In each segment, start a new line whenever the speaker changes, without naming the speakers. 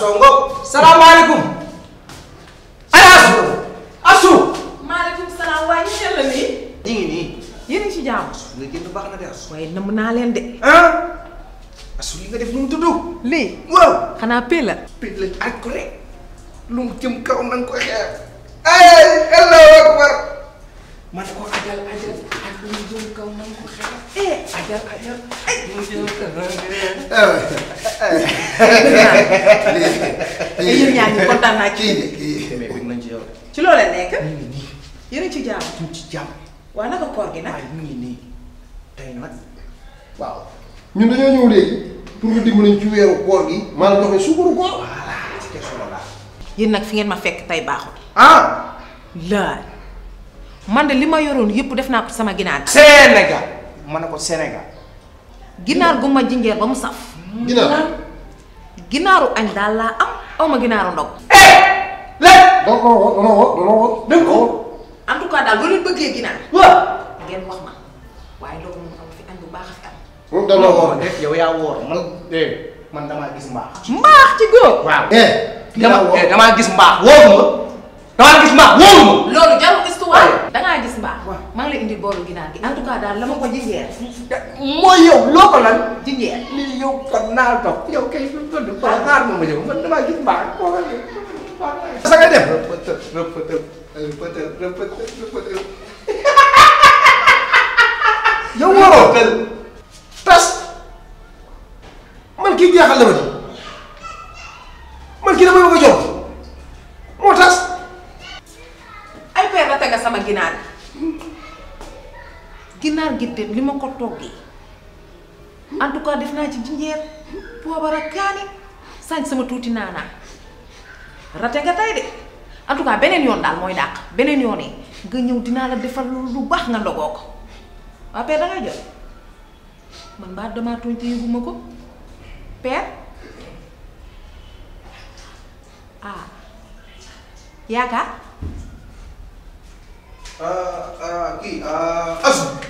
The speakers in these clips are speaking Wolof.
songo salamu alaikum ay asu iya, asu maaleykum salam waaye ñu xel ni nii ñu ngi nii yéen ngi ci jàmm nga génn baax na def way waaye namm len leen de ah asu li nga kan def lu mu tuddu li waaw xana pela pela ak la ko rek lu mu jëm kaw nang ko xéer ay allahu akbar man ko adal adal ak lu mu jëm kaw nang ko xéer eh adal adal ay mu jëm kaw na nga ko xeer yéen ñaa ngi kontaan naa ci mais bëgg nañ ci yow ci loola nekk yéen a ci jàmm ñu ci jàmm waa naka koor gi nag waaye ñu ngi nii tey nag waaw ñun dañoo ñëw léegi pour nga dimbali ci weeru koor gi maa la joxe suukaru koor voilà ci question la yéen nag fi ngeen ma fekk tey baaxul ah laaj man de li ma yoroon yëpp def naa ko sama ginaar Sénégal ma ne ko Sénégal ginaar gu ma jinjeer ba mu saf ginaar ginaaru añ daal laa am aw ma ginaaru ndog. Eh, léegi. donc non non non non dégg nga en tout cas daal bu leen bëggee ginaar. waaw ngeen wax ma waaye loolu moom am fi añ bu baax a fi am. moom dama woor def yow yaa woor man eh man damaa gis mbaax. mbaax ci góor. waaw eh. eh damaa gis mbaax wóoruma. damaa gis mbaax wóoruma. loolu indi boolu ginaar gi en tout cas dal lama ko jinjeer mo yow loko lan jinjeer lii yow kon na tok yow kay fu mu ko xaar mo ma ma man dama gis ba ko ko sa ngay def rëpëtë rëpëtë yow waroo tas man ki jeexal la ma man ki dama bëgg jox mo tas ay peer la tega sama ginaar ginaar gitteem lima ko toggee en tout cas def naa ci jinjer bo barakaani sañ sama ya, touti nana raté nga tay dé en tout cas benen yoon dal moy dak benen yoonee nga ñew dina la defal lu bax nga logo ko pé da nga jot man ba dama tooñ te yëguma ko père ah yaakaar ah eh, ah ki ah eh, asu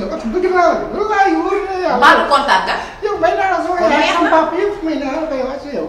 yow at bëgg naa la wallaahi na yow. mbaalu kontaan nga. yow may naa la sama yaay sama papa yëpp may naa la